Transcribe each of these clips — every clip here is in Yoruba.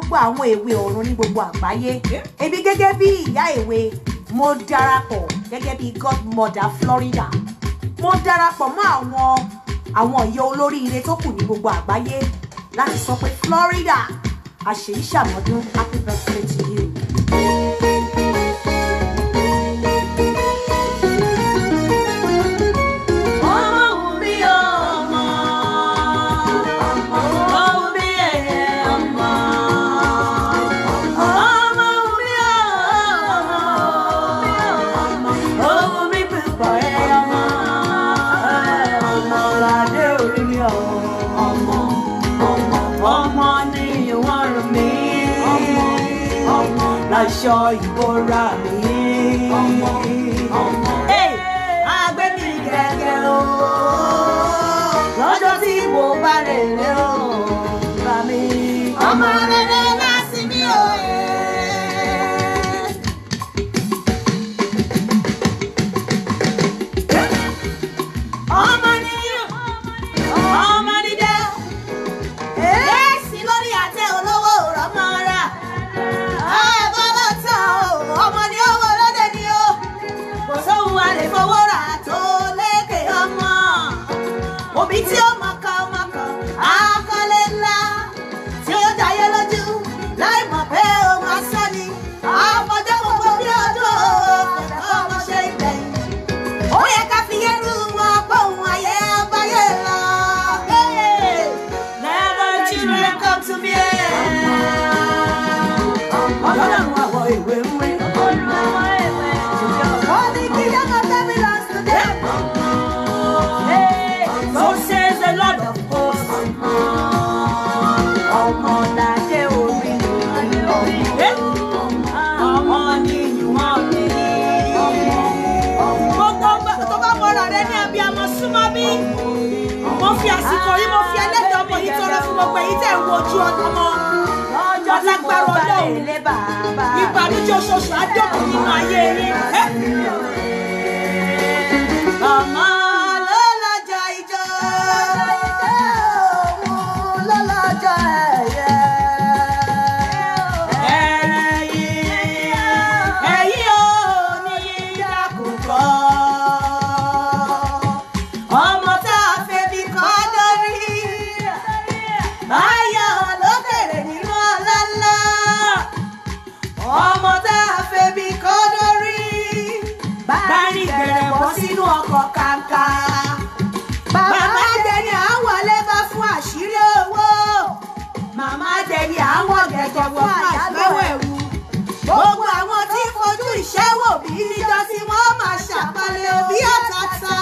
gbogbo àwọn èwe ọ̀run ní gbogbo àgbáyé èmi gẹ́gẹ́ bí ìyá èwe mo darapọ̀ gẹ́gẹ́ bí godmother Florida mo darapọ̀ mọ́ àwọn àwọn ìyá olóríire tó kù ní gbogbo àgbáyé láti sọ pé Florida àṣèyí ṣàmọ́dún happy birthday to you. alright. ẹ̀yin tẹ̀ ń wojú ọmọ ọlágbára ọlọ́run ìbànújẹ́ oṣooṣù á dọ̀kùn nínú ayé yín. àtẹ̀wọ̀ fún àjálù ẹ̀wù. gbogbo àwọn tí fojú ìṣẹ́wò bí níjọ́ tí wọ́n máa ṣàpalẹ̀ òbí àtàtà.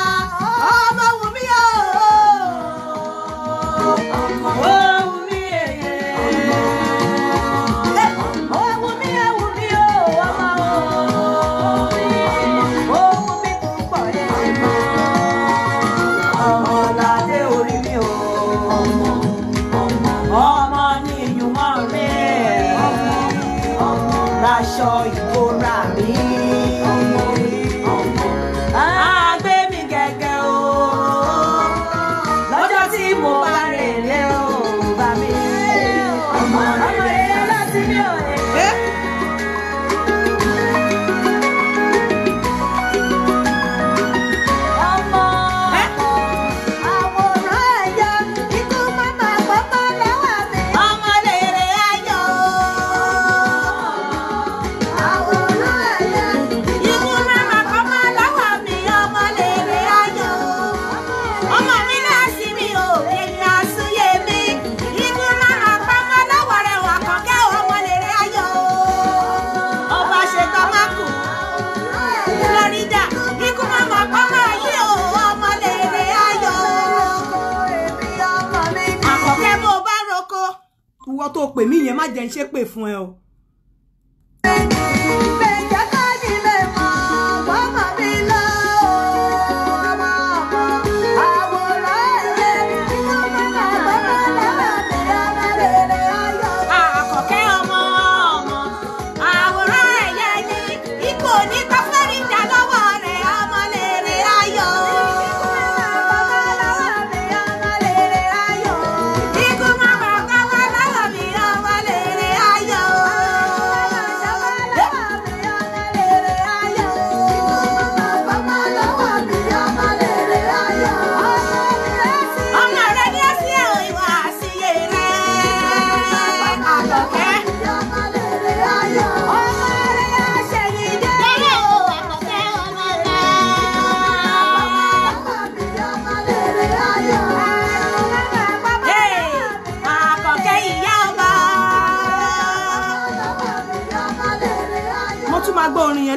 ń ṣépè fún ẹ o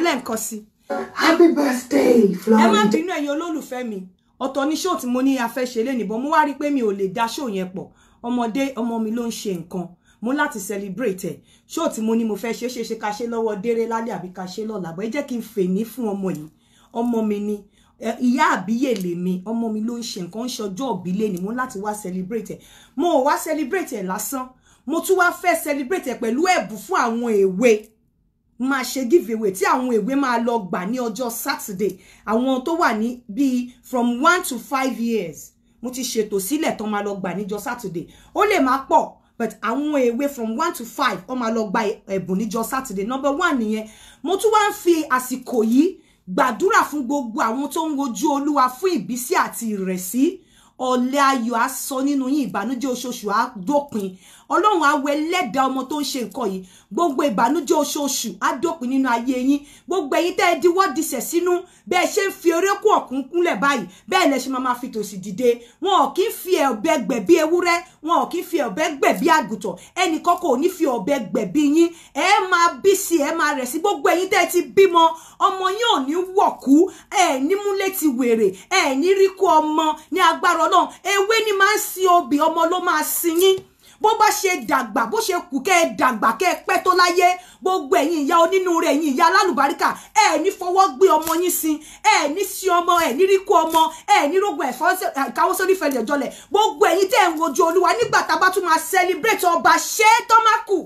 yẹn lẹ́ǹkan sí. happy birthday Floyd. ẹ má bínú ẹ̀yin olólùfẹ́ mi ọ̀tọ̀ ní ṣóò tí mo ní afẹ́ ṣe lé nìbọn mo wá rí i pé mi ò lè dá ṣóò yẹn pọ̀ ọmọdé ọmọ mi ló ń ṣe nǹkan mo láti celebrate ẹ̀ ṣóò tí mo ní mo fẹ́ ṣe é ṣe ṣe ká ṣe lọ́wọ́ déré lálẹ́ àbí ká ṣe lọ́la bọ́ ẹ jẹ́ kí n fè ní fún ọmọ yìí ọmọ mi ni ìyá àbíyè lèmi ọmọ mi ló ń ṣe nǹkan ń ṣọjọ́ òbílẹ̀ ni mo láti wá celebrate ẹ̀ mo wá celebrate ẹ̀ lásán mo tún wá fẹ́ celebrate ẹ̀ pẹ̀lú ẹ̀bùn fún àwọn èwe máa ṣe giveaway tí àwọn èwe máa lọ gbà ní ọjọ́ Saturday àwọn tó wà ní bíi from one to five years mo ti ṣètò sílẹ̀ tó máa lọ gbà níjọ́ Saturday ó lè má pọ̀ but àwọn èwe from one to five ó máa lọ gba ẹ̀bùn níjọ́ Saturday number one nìyẹn mo tún wá ń fi àsìkò yìí gbàdúrà fún gbogbo àwọn tó ń wojú Olúwa fún ìbísí àti ìrẹ̀sí ọ̀lẹ́ ayọ̀ á sọ nínú yín ìbànújẹ́ oṣooṣù á dópin ọlọ́run á wẹ lẹ́dàá ọmọ tó ń ṣe nǹkan yìí gbogbo ìbànújẹ́ oṣooṣù á dópin nínú ayé yín gbogbo ẹ̀yin tẹ́ ẹ diwọ́ disẹ̀ sínú bẹ́ẹ̀ ṣe ń fi erékùn ọ̀kún kúnlẹ̀ báyìí bẹ́ẹ̀ lẹ ṣe máa ma fi tòsì dìde wọn ò kí ń fi ọ̀bẹ gbẹ̀bí ewúrẹ́ wọn ò kí ń fi ọ̀bẹ gbẹ̀bí àgùntàn ẹnìkan kò ní fi ọ̀bẹ gbẹ̀bí yín ẹ máa bí sí ẹ máa rẹ̀ sí gbogbo ẹ̀yin tẹ́ ẹ ti bímọ ọmọ yín ò ní wọ̀kú ẹ ní múlẹ̀ ti wèrè ẹ ní ríkú ọmọ ní agbára ọlọ́run ewé ni máa ń sin obì ọmọ ló máa sin yín bó bá ṣe dàgbà bó ṣe kù kẹ́ ẹ dàgbà kẹ́ ẹ pẹ́ tó láyé gbogbo ẹ̀yin ìyá onínúure ẹ̀yin ìyá alálùbáríkà ẹ ní fọwọ́ gbé ọmọ yín sin ẹ ní sí ọmọ ẹ ní ríkú ọmọ ẹ ní rògbò ẹ̀fọ́ káwọ́ sórí ìfẹ̀lẹ̀ jọlẹ̀ gbogbo ẹ̀yin tẹ́ ẹ̀ ń wojú olúwa nígbà tá a bá tún máa celebrate ọba ṣé tọ́mákù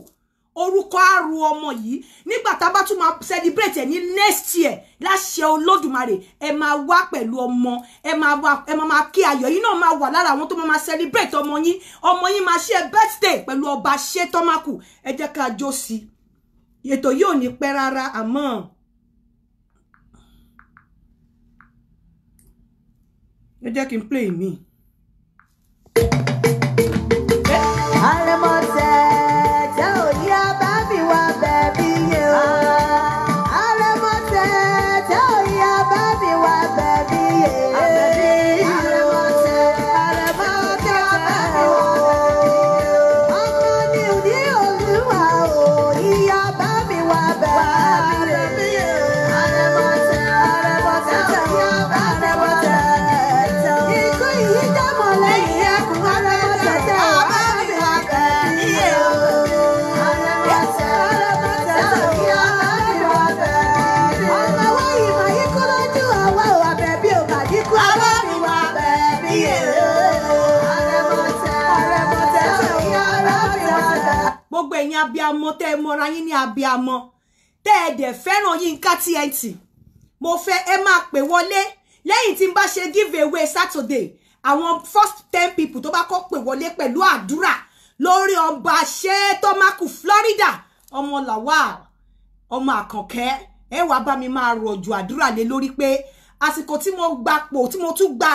orúkọ àrùn ọmọ yìí nígbà tá a bá tún máa celebrate ẹ ní next year láṣẹ olódùmarè ẹ máa wá pẹ̀lú ọmọ ẹ máa wá ẹ máa máa kí ayọ̀ yìí náà máa wà lára àwọn tó máa máa celebrate ọmọ yín ọmọ yín máa ṣe birthday pẹ̀lú ọba ṣe tọ́mákù ẹ jẹ́ ká jó sí i ètò yìí ò ní pẹ́ rárá àmọ́. ẹ jẹ́ kí n play mi. ẹ̀yin abiamọ tẹ́ ẹ mọra yín ní abiamọ tẹ́ ẹ dẹ̀ fẹ́ràn Yínká TNT mo fẹ́ ẹ máa pè wọlé lẹ́yìn tí n bá ṣe give away Saturday àwọn first ten people tó bá kọ́ pè wọlé pẹ̀lú àdúrà lórí ọba ṣé tọ́mákù Florida ọmọ Lawal ọmọ àkànkẹ́ ẹ wàá bá mi máa rọ̀jò àdúrà lé lórí pé àsìkò tí mo gba pò tí mo tún gba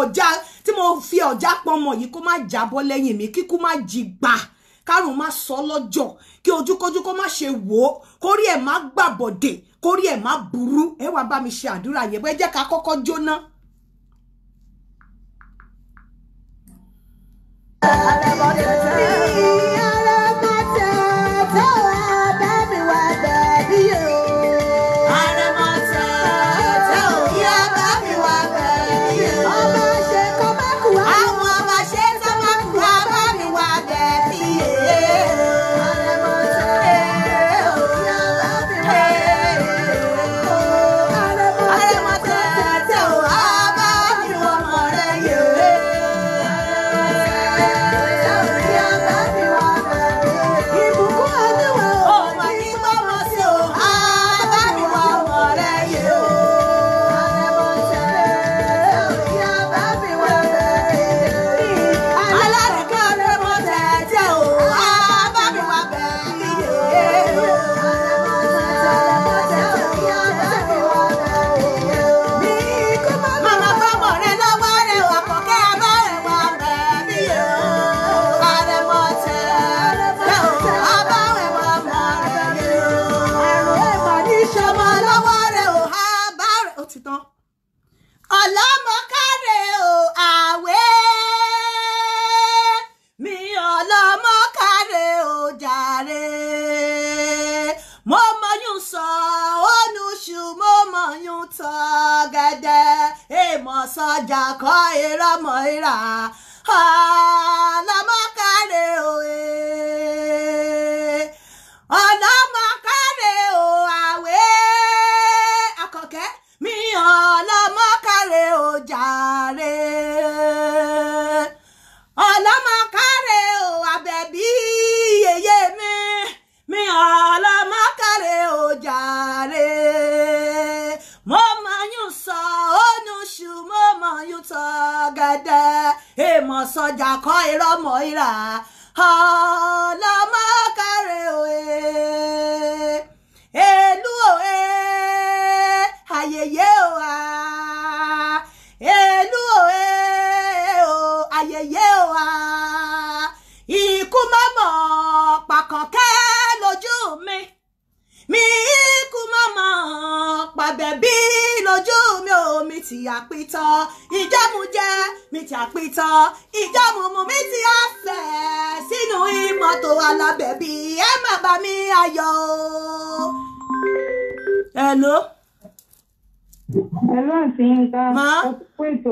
ọjà tí mo fi ọjà pọnmọ yìí kó má jábọ́ lẹ́yìn mi kíkú má jí gbà kárùn má sọ lọ́jọ́ kí ojúkójú kó má ṣe wò ó kórí ẹ̀ má gbàbọ̀dè kórí ẹ̀ má burú ẹ wàá bá mi ṣe àdúrà yẹn bẹ́ẹ̀ jẹ́ ká kọ́kọ́ jóná. Àtẹ̀bọ̀dé tẹ́lẹ̀.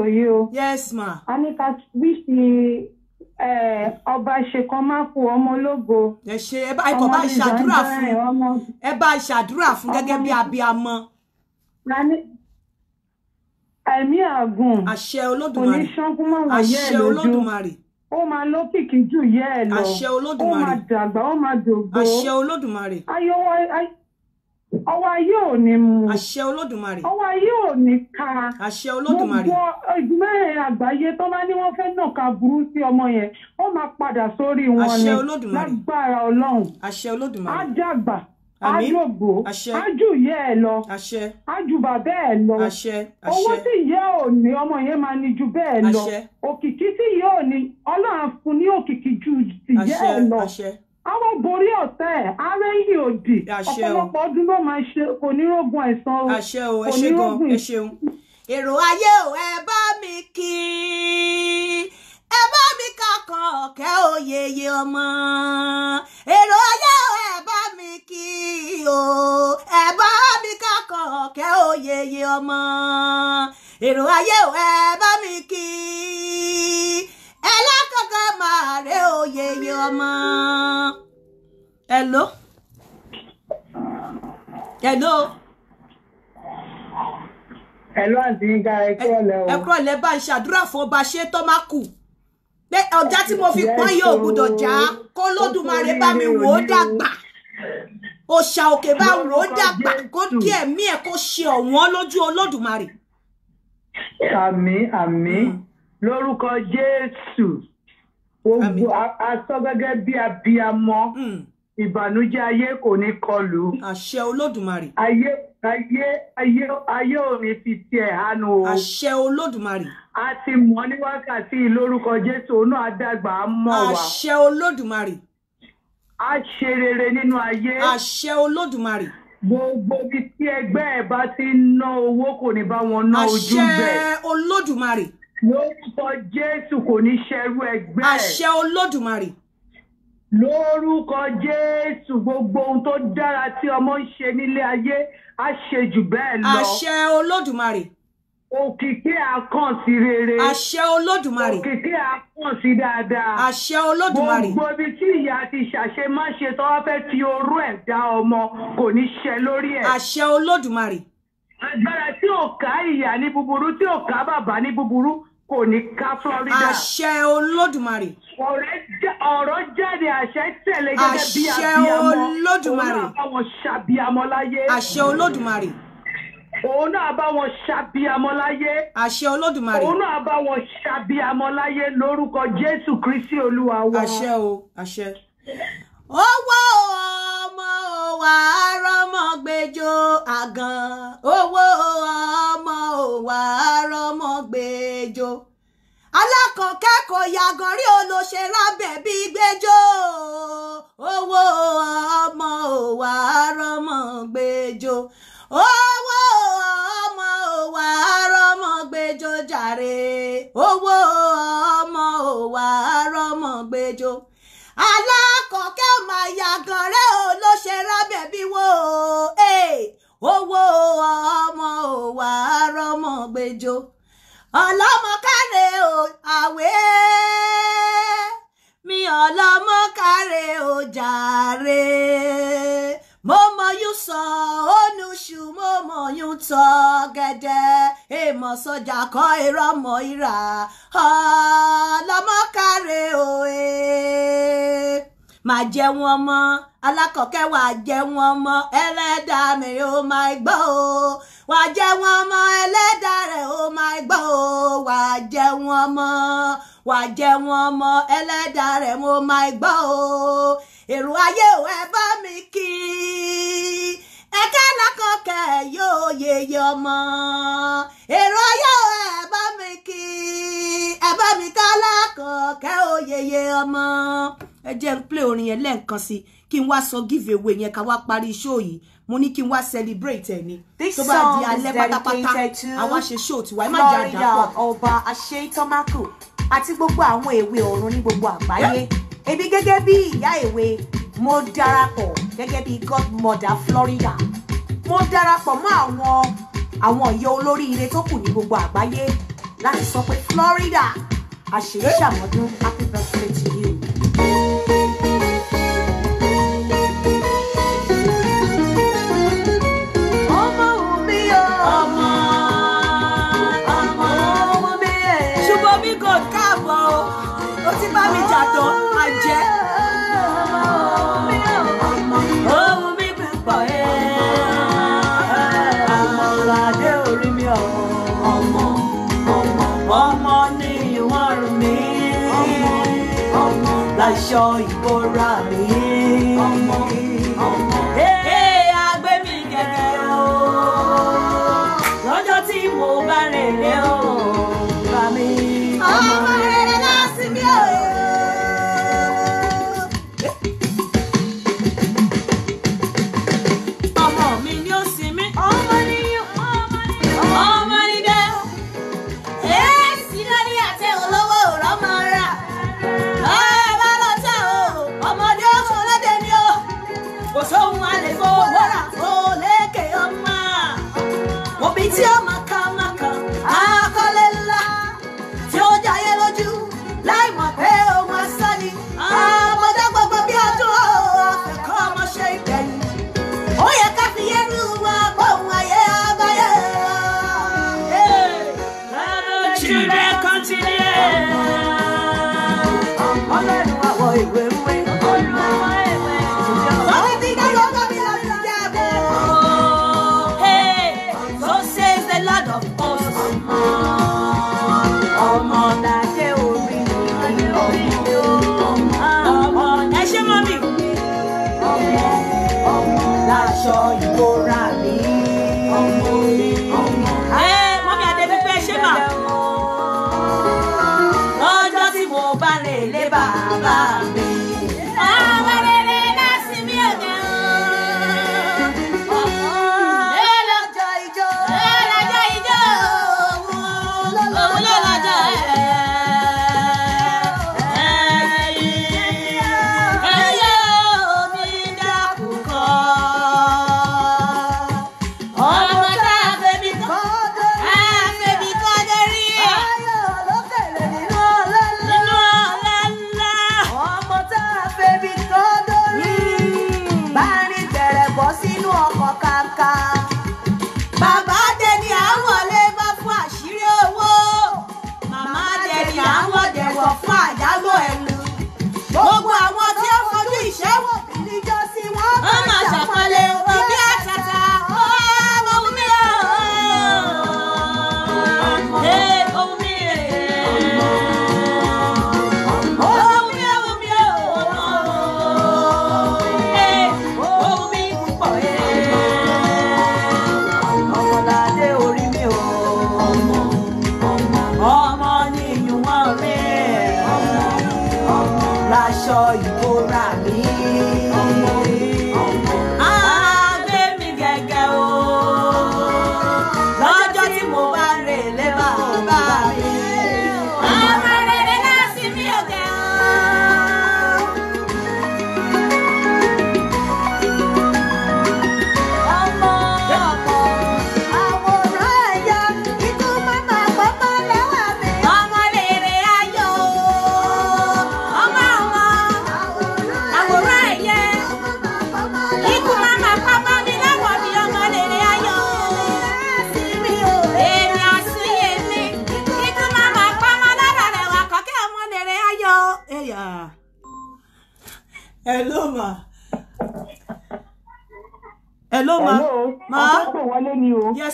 for you. Yes, ma. A ní ká wíṣì ọba ṣèkan máa kú ọmọ ológo. Ẹ ṣe ẹ bá ikọ̀ bá ṣàdúrà fún ẹ bá ṣàdúrà fún gẹ́gẹ́ bí abiyamọ. Ẹ̀mí àgùn. Àṣẹ Olódùmarè. Oníṣánkún máa wà yẹ́ ẹ̀ lójú. Àṣẹ Olódùmarè ó máa lókìkí jù yẹ́ ẹ lọ àṣẹ olódùmarè ó máa dàgbà ó máa dògbò àṣẹ olódùmarè ayọwọ ọwọ́ ayé ò ní mu. àṣẹ olódùmarè. ọwọ́ ayé ò ní ka. àṣẹ olódùmarè. gbogbo ẹgbẹ́ àgbáyé tó bá ní wọ́n fẹ́ náà ka burú sí ọmọ yẹn ó máa padà sórí wọn ni. àṣẹ olódùmarè. lágbára ọlọ́run. àṣẹ olódùmarè. á dàgbà. àmín àjògbò. àṣẹ ájù yẹ ẹ lọ. àṣẹ ájù bàbá ẹ lọ. àṣẹ àṣẹ owó tí ìyá ò ní ọmọ yẹn máa ní ju bẹ́ẹ̀ lọ. àṣẹ òkìkí tí ìyá ò ní ọlọ́run fún ní òkìkí ju tìyá ẹ lọ. àṣẹ àṣẹ àwọn borí ọ̀tẹ̀ ààrẹ yìí òdì ọ̀pọ̀lọpọ̀ ọdún ló máa ṣe kò ní rògùn àìsàn o kò ní rògùn ìṣeun. èrò ayé ò ẹ bá mi kí ẹ bá mi kankan ọ̀kẹ́ òyeye ọmọ èrò ayé ò ẹ bá mi kí ẹ bá mi kankan ọ̀kẹ́ òyeye ọmọ èrò ayé ò ẹ bá mi kí ẹlẹ́kọ̀ọ́ ká máa rẹ oyeye ọmọ. hello. hello. hello àǹtí Yínká ẹ kúrò lẹ́ o. ẹ kúrò lẹ́ bá ń ṣàdúrà fún ọba ṣé tó má kù pé ọjà tí mo fi pọ́n yóò gbúdọ̀ já kó lódùmarè bá mi wò ó dàgbà òṣà òkè bá wò ó dàgbà kó kí ẹ̀mí ẹ̀ kó ṣe ọ̀wọ́n lójú olódùmarè. àmín àmín hmm. lórúkọ jésù gbogbo aṣọ gẹ́gẹ́ bí abiyamọ hmm. ìbànújẹ́ ayé kò ní kọlù. àṣẹ olódùmarè. ayé ayé ayé ayé ò fi tiẹ̀ hánu o. àṣẹ olódùmarè. a ti mọ̀ ní wákàtí lórúkọ jésù náà àdàgbà á mọ̀ àṣẹ olódùmarè. a ṣe rere nínú ayé. àṣẹ olódùmarè gbogbo ibi tí ẹgbẹ́ ẹ̀ bá ti ń ná owó kò ní bá wọn ná ojú bẹ́ẹ̀. àṣẹ olódùmarè lórúkọ jésù kò ní ṣerú ẹgbẹ́ àṣẹ olódùmarè lórúkọ jésù gbogbo ohun tó dára tí ọmọ ń ṣe nílé ayé á ṣe jù bẹ́ẹ̀ lọ àṣẹ olódùmarè òkìkí àkàn rere àṣẹ olódùmarè òkìkí àkàn dáadáa àṣẹ olódùmarè gbogbo ibi tí ìyá ti ṣàṣe má ṣe tó wá fẹ́ fi oró ẹ̀ dá ọmọ kò ní ṣe lórí ẹ̀ àṣẹ olódùmarè agbára tí ò ká ìyá ní búburú tí ò ká bàbá ní búburú kò ní ká Florida. àṣẹ olódùmarè. ọ̀rọ̀ jáde àṣẹ tẹ̀lé gẹ́gẹ́ bí abiyamọ. àṣẹ olódùmarè. òun náà bá wọn ṣàbíamọ láyé. àṣẹ olódùmarè. òun náà bá wọn ṣàbíamọ láyé. àṣẹ olódùmarè. òun náà bá wọn ṣàbíamọ láyé lórúkọ Jésù Kristi Olúwa wa. àṣẹ o àṣẹ. owó o ọmọ wà á rọmọ gbẹjọ àgàn owó ọmọ wà á rọmọ gbẹjọ alákọ̀ọ́kẹ́ kò yàgàn rí olóṣè rábẹ̀ bíi gbẹjọ owó ọmọ wà á rọmọ gbẹjọ owó ọmọ wà á rọmọ gbẹjọ jàre owó ọmọ wà á rọmọ gbẹjọ alákọ̀ọ́kẹ́ ò máa ya gànrẹ́ o ló ṣe rábẹ̀ bí wo owó ọmọ ò wá rọmọ gbẹjọ ọlọ́mọ o àwẹ̀ mi ọlọ́mọ káre o jàre mo mọ yú sọ oyún tọ gẹ́dẹ́ èèmọ̀ sọjà kọ́ irọ́ mọ́ ìrà ọlọ́mọkàrẹ́ òye máa jẹ wọn mọ́ alákọ̀ọ́kẹ́ wà jẹ wọn mọ́ ẹlẹ́dàá mi ò máa gbọ́ o wà jẹ wọn mọ́ ẹlẹ́dàá rẹ̀ ò máa gbọ́ o wà jẹ wọn mọ́ wà jẹ wọn mọ́ ẹlẹ́dàá rẹ̀ mo máa gbọ́ o èrò ayé ò ẹ bá mi kí i kẹ̀kẹ́ lọ́kàn kẹ̀ yóò yeye ọmọ èrò ayé ẹ bá mi kí ẹ bá mi ká lọ́kàn kẹ́ ó yeye ọmọ. ẹ jẹ́ n play orin yẹn lẹ́ẹ̀kan sí kí n wá sọ give away yẹn ká wá parí show yìí mo ní kí n wá celebrate ẹ ni tó bá di alẹ́ pátápátá àwa ṣe show tiwa ẹ má jẹ́ àdàpọ̀. Florida ọba àṣetọ́mákù àti gbogbo àwọn èwe ọ̀run ní gbogbo àgbáyé èmi gẹ́gẹ́ bí ìyá èwe mo darapọ̀ gẹ́gẹ́ bí godmother Florida mo darapọ̀ mọ́ àwọn àwọn ìyá olóríire tó kù ní gbogbo àgbáyé láti sọ pé Florida àṣèyí ṣàmọ́dún happy birthday to you. saw you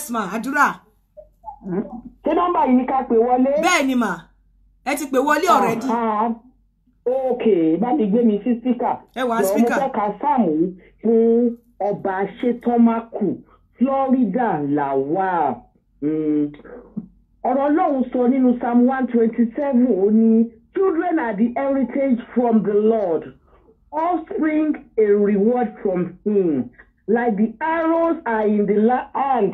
yes ma àdúrà. ṣé nọ́mbà yìí ni ká pè wọlé. bẹ́ẹ̀ ni mà ẹ ti pè wọlé ah, already. Ah. ok bá gbé mi sí spíkà. ẹ wá spíkà. lọ́mọ fẹ́ka sáàmù fún ọba ṣetọ́mákù florida làwà hmm. ọ̀rọ̀ ọlọ́run sọ nínú psalm one twenty seven ó ní children are the heritage from the lord offspring a reward from him like the arrows are in the land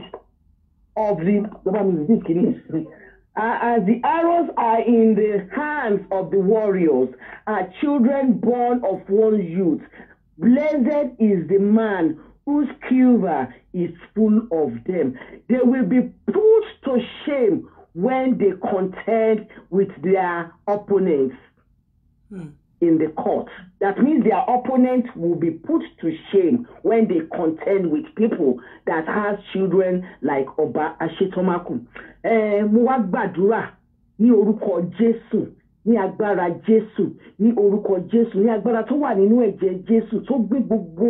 of the this uh, as the arrows are in the hands of the warriors, are children born of one youth. Blessed is the man whose quiver is full of them. They will be put to shame when they contend with their opponents. Hmm in the court. That means their opponent will be put to shame when they contend with people that has children like Ọba Ashetomaku. Ẹ eh, Mwagbadura, wá gbàdúrà ní orúkọ ní agbára jésù ní orúkọ jésù ní agbára tó wà nínú ẹ̀jẹ̀ jésù tó gbé gbogbo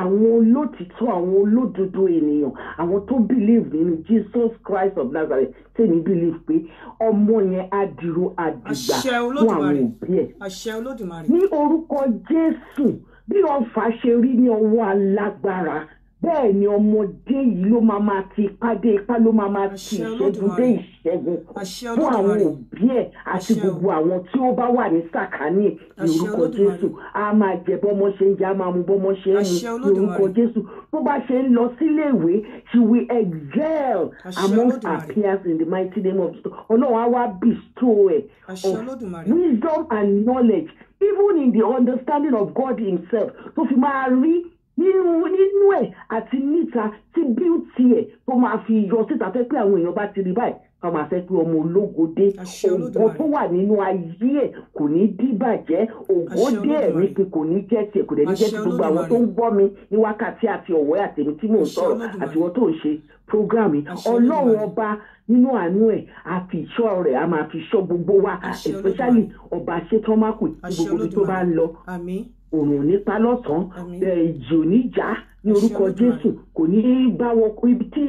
àwọn olótìtọ́ àwọn olódodo ènìyàn àwọn tó believe nínú jesus christ of nazareth tẹ̀mí believe pé ọmọ yẹn á dúró àdìgbà fún àwọn òbí ẹ̀ ní orúkọ jésù bí ọfà ṣe rí ní ọwọ́ alágbára bẹ́ẹ̀ ni ọmọdé yìí ló máa máa ti ipá dé ipá ló máa máa ti ìṣẹ́gun dé ìṣẹ́gun fún àwọn òbí ẹ̀ àti gbogbo àwọn tí ó bá wà ní sàkání ìrúkọ jésù a máa jẹ bọ́mọ ṣe ń jẹ a máa mu bọ́mọ ṣe ń mu ìrúkọ jésù tó bá ṣe ń lọ síléèwé she will excel among her peers in the mighty name of jesus ọlọ́run á wá bestow ẹ̀ of wisdom and knowledge even in the understanding of God himself tó fi máa rí nínú nínú ẹ̀ àti níta tí bíútì ẹ̀ tó máa fi yọ síta fẹ́ pé àwọn èèyàn bá ti rí báyìí ká máa fẹ́ pé ọmọ ológo dé ògo tó wà nínú ayé ẹ̀ kò ní dìbàjẹ́ ògo dé ẹ̀mí pé kò ní jẹ́ tiẹ̀ kò dẹ̀ ní jẹ́ ti gbogbo àwọn tó ń gbọ́ mi ní wákàtí àti ọ̀wẹ́ àtẹ̀mí tí mò ń sọ̀rọ̀ àti wọ́n tó ń ṣe programme ọlọ́run ọba nínú àánú ẹ̀ a fi ìṣọ́ rẹ̀ a máa fi ṣọ́ gbogbo wa especially ọba ṣetán mákùn gbogbo tó bá ń lọ òrùn nípa lọ́sàn-án ìjì ò ní já ní orúkọ Jésù kò ní bá wọ ibi tí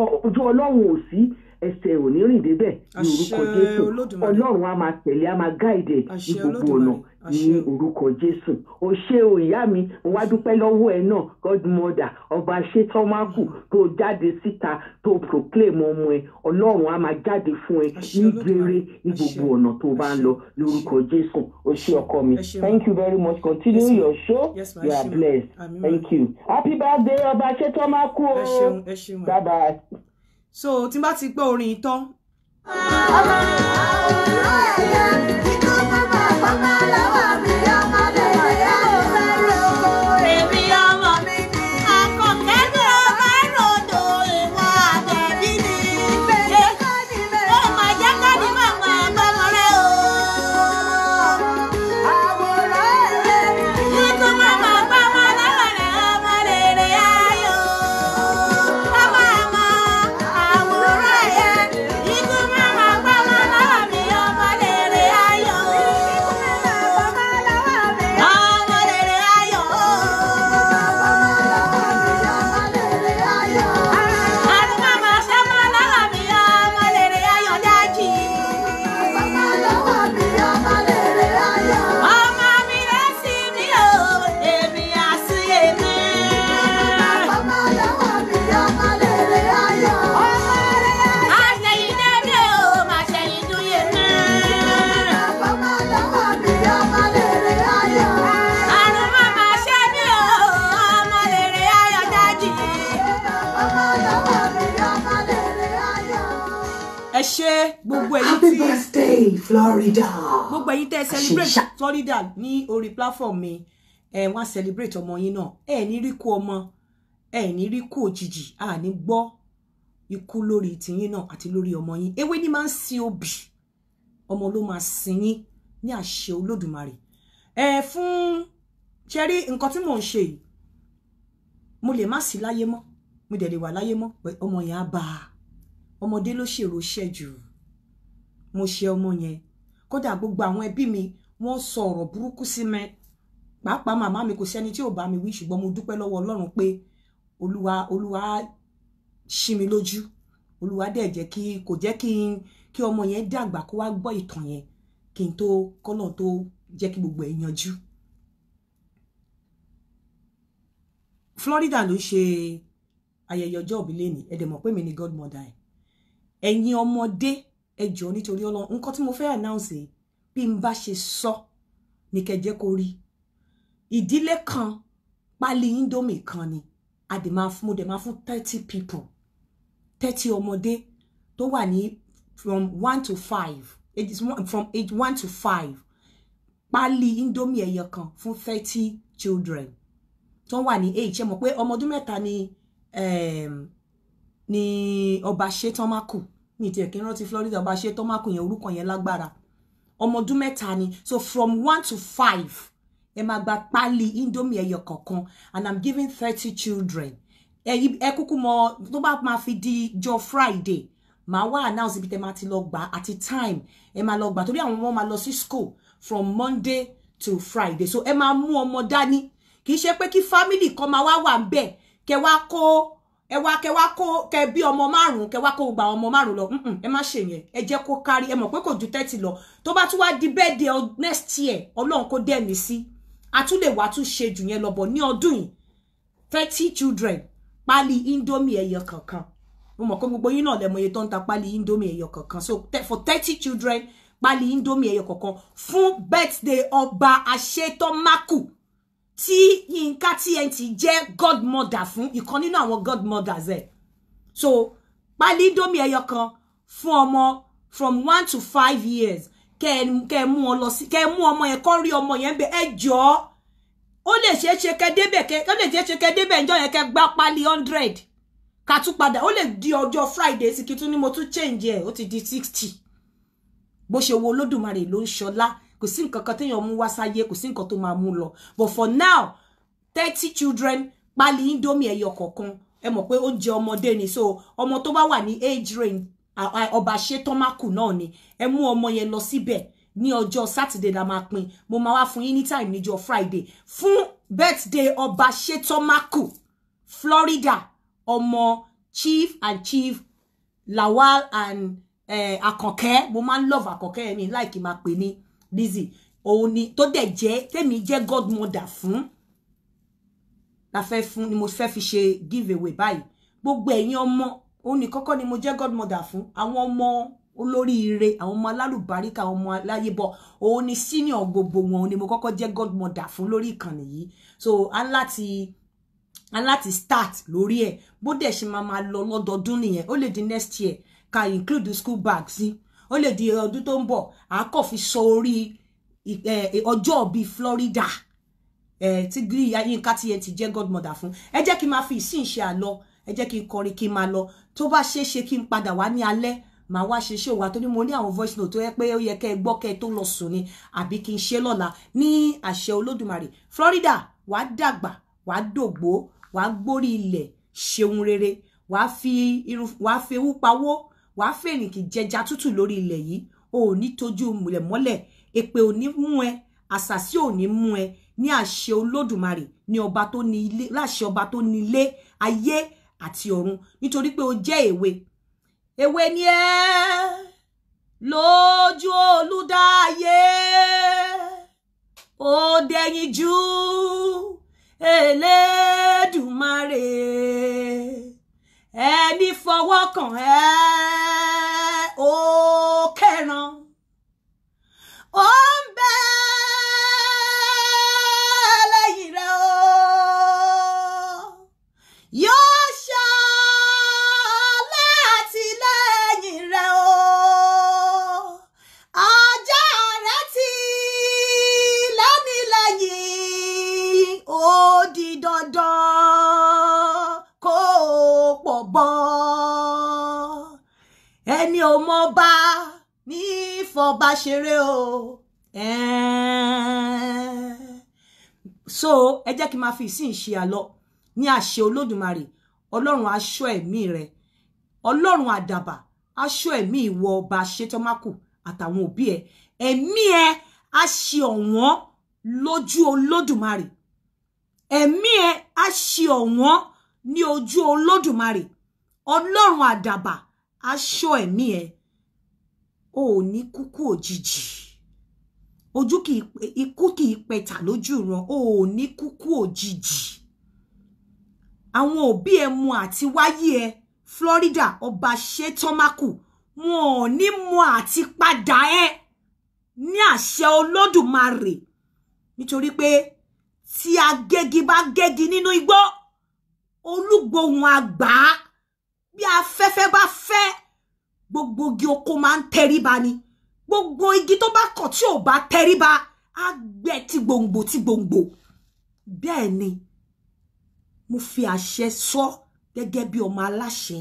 ojú Ọlọ́run ò sí ẹsẹ̀ ò ní rìn débẹ̀ ní orúkọ jésù ọlọ́run á máa tẹ̀lé á máa gáìdẹ̀ ní gbogbo ọ̀nà ní orúkọ jésù o ṣé o ìyá mi wá dúpẹ́ lọ́wọ́ ẹ náà godmother ọba ṣetọ́mákù tó jáde síta tó proclaim ọmọ ẹ ọlọ́run á máa jáde fún ẹ ní gbére ní gbogbo ọ̀nà tó bá ń lọ lórúkọ jésù o ṣé ọkọ mi thank you very much continue yes, your show yes, you are blessed thank you happy birthday ọba ṣetọ́mákù o bye bye so tí n bá ti gbọ́ orin tán. ẹ ṣe gbogbo èyí tí happy birthday Florida gbogbo èyí tẹ celebrate Florida ní orí platform mi ẹ wá celebrate ọmọ yín náà ẹ ní rí kú ọmọ ẹ ní rí kú òjijì a ní gbọ́ ikú lórí tìyín náà àti lórí ọmọ yín ewé ni máa ń sin obì ọmọ ló máa sin yín ní àṣẹ Olódùmarè ẹ fún ṣẹrí nǹkan tí mò ń ṣe yìí mo lè má sí láyé mọ́ mo dẹ̀ lè wà láyé mọ́ ọmọ yẹn á bá a ọmọdé ló ṣèrò iṣẹ́ jù mo ṣe ọmọ yẹn kódà gbogbo àwọn ẹbí mi wọ́n sọ ọ̀rọ̀ burúkú sí mi pàápàá màmá mi kò sẹ́ni tí ò bá mi wí ṣùgbọ́n mo dúpẹ́ lọ́wọ́ Ọlọ́run pé olúwa olúwa ṣí mi lójú olúwa dẹ̀ jẹ́ kí kò jẹ́ kí n kí ọmọ yẹn dàgbà kó wá gbọ́ ìtàn yẹn kí n tó kọ́nà tó jẹ́ kí gbogbo ẹ̀ yanjú. Florida ló ṣe ayẹyẹ ọjọ́ ìbí lẹ́nìí ẹ̀dẹ̀ pé mi ni godmother ẹ̀ ẹ̀yin ọmọdé ẹ jọ̀ọ́ nítorí Ọlọ́run nǹkan tí mo fẹ́ announce bí n bá ṣe sọ ní kẹjẹ kó rí ìdílé kan pálí indomie kan ni a dè máa fún mo dè máa fún thirty people thirty ọmọdé tó wà ní from one to five age one from age one to five pálí indomie ẹyọ kan fún thirty children tó wà ní age ṣe mọ̀ pé ọmọ ọdún mẹ́ta ni um, ni ọba ṣetán má kù mi tiẹ̀ kí rántí Florida bá ṣe tọ́mákù yẹn orúkọ yẹn lágbára ọmọ ọdún mẹ́ta ni so from one to five ẹ máa gba páálí indomie ẹyọ kọ̀ọ̀kan and i'm giving thirty children ẹ kúkú mọ tó bá máa fi di jọ Friday màá wá announce ibi tẹ máa ti lọ gbà àti time ẹ máa lọ gbà torí àwọn ọmọ máa lọ sí school from Monday to Friday so ẹ máa mú ọmọ dání kì í ṣe pé kí family kan máa wá wà ń bẹ̀ kẹ wá kó ẹ wá kẹ wá kó kẹ bí ọmọ márùn kẹ wá kó gba ọmọ márùn lọ ẹ má ṣe yẹn ẹ jẹ́ kó kárí ẹ mọ̀ pé kò ju thirty lọ tó bá tún wá di birthday next year Ọlọ́run kó dẹ mi sí àtúlẹ̀ wàá tún ṣe jù yẹn lọ́bọ̀ ní ọdún yìí thirty children pálí indomie ẹyọ kankan mo mọ̀ pé gbogbo yín náà lẹ́mọye tó ń ta pálí indomie ẹyọ kankan so for thirty children pálí indomie ẹyọ kankan fún birthday ọba àṣetọ́mákù tí Yínká TNT jẹ́ godmother fún ìkan nínú àwọn godmothers ẹ̀ so pálí domi ẹyọ kan fún ọmọ from one to five years kẹ mú ọ lọ sí kẹ mú ọmọ yẹn kọ rí ọmọ yẹn bẹ ẹ jọ ó lè ṣeé ṣe kẹ débẹ̀ kẹ ó lè ṣeé ṣe kẹ débẹ̀ ǹjọ́ yẹn kẹ gbá pálí hundred ká tún padà ó lè di ọjọ́ friday sì kí tún ni mo tún change ẹ ó ti di sixty bó ṣe wo olódùmarè ló ń ṣọlá kò sí nǹkan kan téèyàn mú wá sáyé kò sí nǹkan tó máa mú lọ but for now thirty children pálí indomie ẹyọ kọ̀ọ̀kan ẹ mọ̀ pé oúnjẹ ọmọdé ni so ọmọ tó bá wà ní age range ọba ṣe tọ́mákù náà ni ẹ mú ọmọ yẹn lọ síbẹ̀ ní ọjọ́ Saturday la máa pín mo máa wá fún yín ní time níjọ́ Friday fún birthday ọba ṣe tọ́mákù Florida ọmọ chief and chief Lawal and eh, Akànkẹ́ mo máa ń love Akànkẹ́ mi láìkí máa pè ní. Lizzy òun ni tó dẹ̀ jẹ́ tèmi jẹ́ godmother fún la fẹ́ fún ni mo fẹ́ fi ṣe give away báyìí gbogbo ẹ̀yin ọmọ òun ni kọ́kọ́ ni mo jẹ́ godmother fún àwọn ọmọ olóríire àwọn ọmọ alálùbáríkà àwọn ọmọ aláyé bọ òun ni senior gbogbo wọn òun ni mo kọ́kọ́ jẹ́ godmother fún lórí ìkànnì yìí so a ń láti a láti start lórí ẹ̀ bó dẹ̀ ṣe máa máa lọ lọ́dọọdún nìyẹn ó lè di next year ká include school bag sí. Si ó lè di ọdún tó ń bọ̀ àákọ́ fi sọ orí ọjọ́ bíi Florida tí gírí Yínká TNT jẹ́ godmother fún ẹ jẹ́ kí n máa fi ìsìn ṣe àlọ́ ẹ jẹ́ kí n kọrin kí n máa lọ tó bá ṣeé ṣe kí n padà wá ní alẹ́ màá wá ṣe ṣòwò àtọ́ ni mo ní àwọn voice note tó yẹ pé ó yẹ kẹ́ ẹ gbọ́ kẹ́ tó lọ sùn ni àbí kí n ṣe lọ́la ní àṣẹ Olódùmarè Florida wàá dàgbà wàá dògbò wàá gbórí ilẹ̀ ṣeun rere wàá fi irun wàá fi ewu pawó wàá fèrìnkì jẹja tútù lórí ilẹ̀ yìí o ò ní tójú mulẹ̀ mọ́lẹ̀ èpè ò ní mú ẹ àṣàsí ò ní mú ẹ ní àṣẹ olódùmarè ní ọba tó ní ilé láṣẹ ọba tó ní ilé ayé àti ọ̀run nítorí pé o jẹ́ èwe èwe ni ẹ lójú olùdáyé ó dẹ̀yìn jù Elédùmarè ẹni fọwọ́ kàn ẹ́ ó kẹran ó ń bẹ́ẹ̀. ṣeré o so ẹ jẹ́ kí n máa fi ìsìn ṣe àlọ́ ní àṣẹ olódùmarè ọlọ́run aṣọ ẹ̀mí rẹ ọlọ́run àdàbà aṣọ ẹ̀mí ìwọ ọba ṣetọ́mákù àtàwọn òbí ẹ ẹ̀mí ẹ á ṣe ọ̀wọ́n lójú olódùmarè ẹ̀mí ẹ á ọ̀wọ́n ní ojú olódùmarè ọlọ́run àdàbà aṣọ ẹ̀mí ẹ o ò ní kúkú òjijì ojú kì í ikú kì í pẹ̀tà lójú ran o ò ní kúkú òjijì àwọn òbí ẹ mu àti wáyé ẹ Florida ọba ṣe tọ́mákù wọn ò ní mọ àti padà ẹ ní àṣẹ Olódùmarè nítorí pé tí agégi bá gégi nínú igbó olúgbòhùn àgbà bí afẹ́fẹ́ bá fẹ́ gbogbo igi oko máa ń tẹríba ni gbogbo igi tó bá kàn tí ò bá tẹríba á gbẹ tí gbòǹgbò tí gbòǹgbò bẹ́ẹ̀ ni mo fi àṣẹ sọ gẹ́gẹ́ bí ọmọ aláṣẹ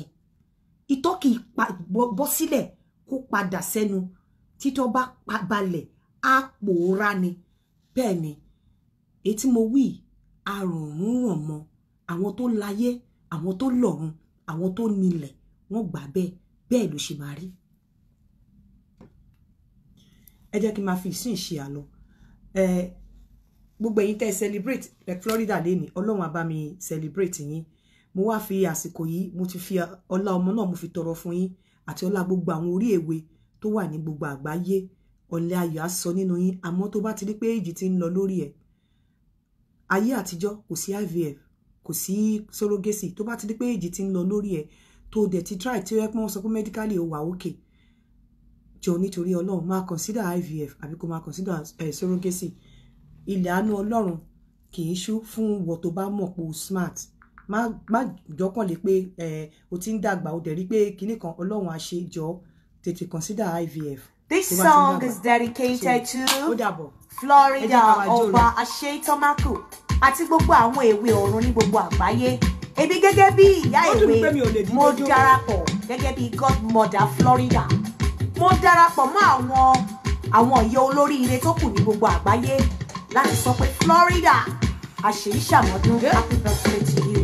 itọ́ kì í bọ́ sílẹ̀ kó padà sẹ́nu títọ́ bá balẹ̀ á pòórá ni bẹ́ẹ̀ ni èyí mo wí àrùn ràn mọ́ àwọn tó láyé àwọn tó lọ́run àwọn tó nílẹ̀ wọ́n gbà bẹ́ẹ̀ bẹ́ẹ̀ ló ṣe máa rí ẹ jẹ́ kí n máa fi ìsìn ṣe àlọ́ ẹ gbogbo ẹ̀yin tẹ́ ẹ celebrate ẹ Florida lẹ́ni ọlọ́run abami celebrate yín mo wá fi àsìkò yìí mo ti fi ọlá ọmọ náà mo fi tọrọ fún yín àti ọlá gbogbo àwọn orí èwe tó wà ní gbogbo àgbáyé ọ̀lẹ́ ayọ̀ á sọ nínú yín àmọ́ tó bá ti rí pé èjì ti ń lọ lórí ẹ̀ ayé àtijọ́ kò sí IVF kò sí surrogacy tó bá ti rí pé èjì ti ń lọ lórí ẹ̀ tó dẹ̀ ti try tí ó yẹ pé wọ́n sọ pé medically ó wà okay jọ nítorí ọlọ́run máa consider ivf àbí kó máa consider eh, ilẹ̀ àánú ọlọ́run kì í ṣú fún wọ tó bá mọ̀ pé o smart má jọ́kànlé pé o ti ń dàgbà o dẹ̀ rí pé kinní kan ọlọ́run á ṣe jọ tètè consider ivf. This song is dedicated to Florida Ọba Ashe Tomaku àti gbogbo àwọn èwe ọ̀run ní gbogbo àgbáyé. Ebi gẹ́gẹ́ bí ìyá ìwé mo darapọ̀ gẹ́gẹ́ bí godmother Florida mo darapọ̀ mọ́ àwọn àwọn ìyá olóríire tó kù ní gbogbo àgbáyé láti sọ pé Florida àṣèyí ṣàmọ́dún happy birthday to you.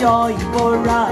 joy for us.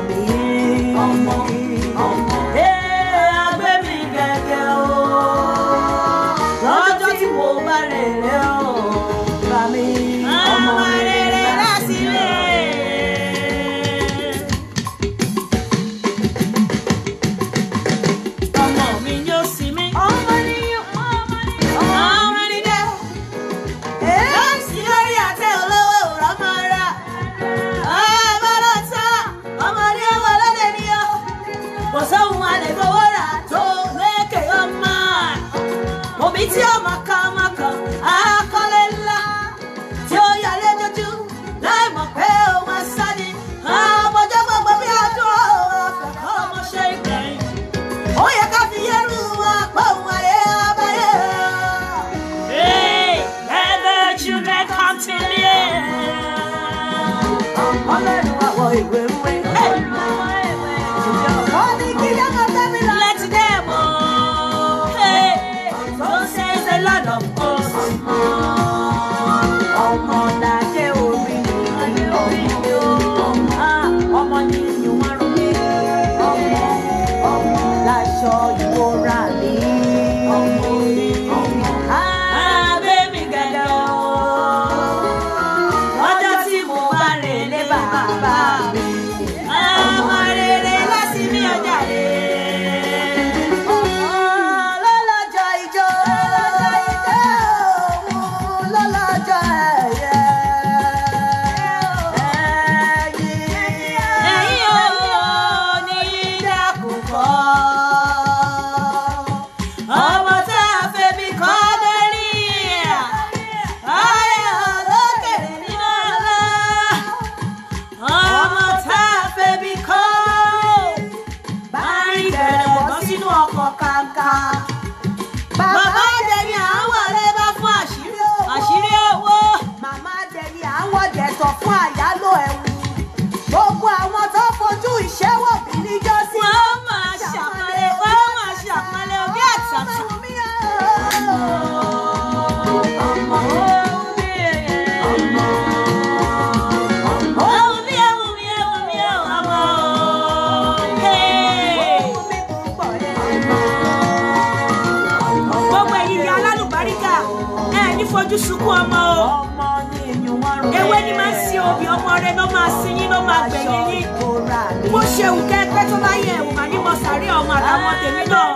sí yín ló máa gbẹ̀yìn yín bó ṣe wù kẹ́pẹ́ tó bá yẹ ẹ̀wù màní mo ọmọ àtàwọn tèmi náà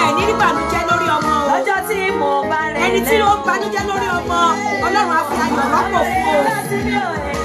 ẹ ní ìbànújẹ́ lórí ọmọ o ẹni tí ó ń banújẹ́ lórí ọmọ ọlọ́run á fi ayọ̀ rọ́pò fún o.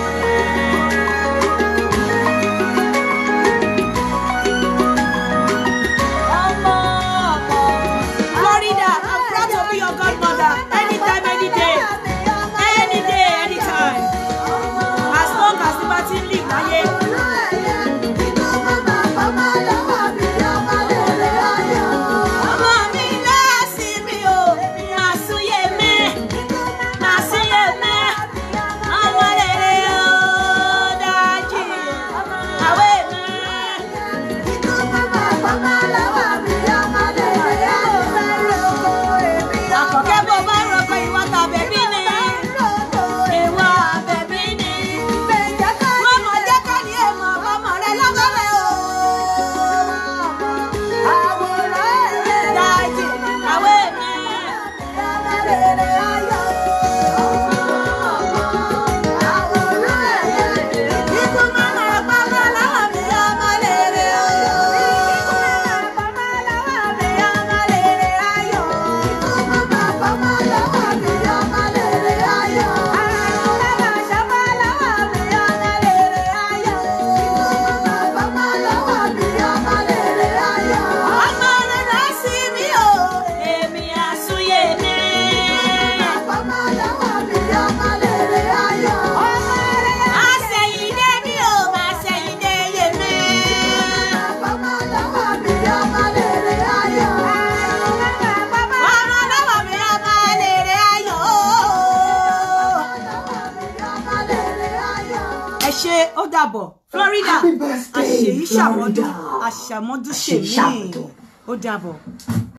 ṣe mí ó dàbọ̀.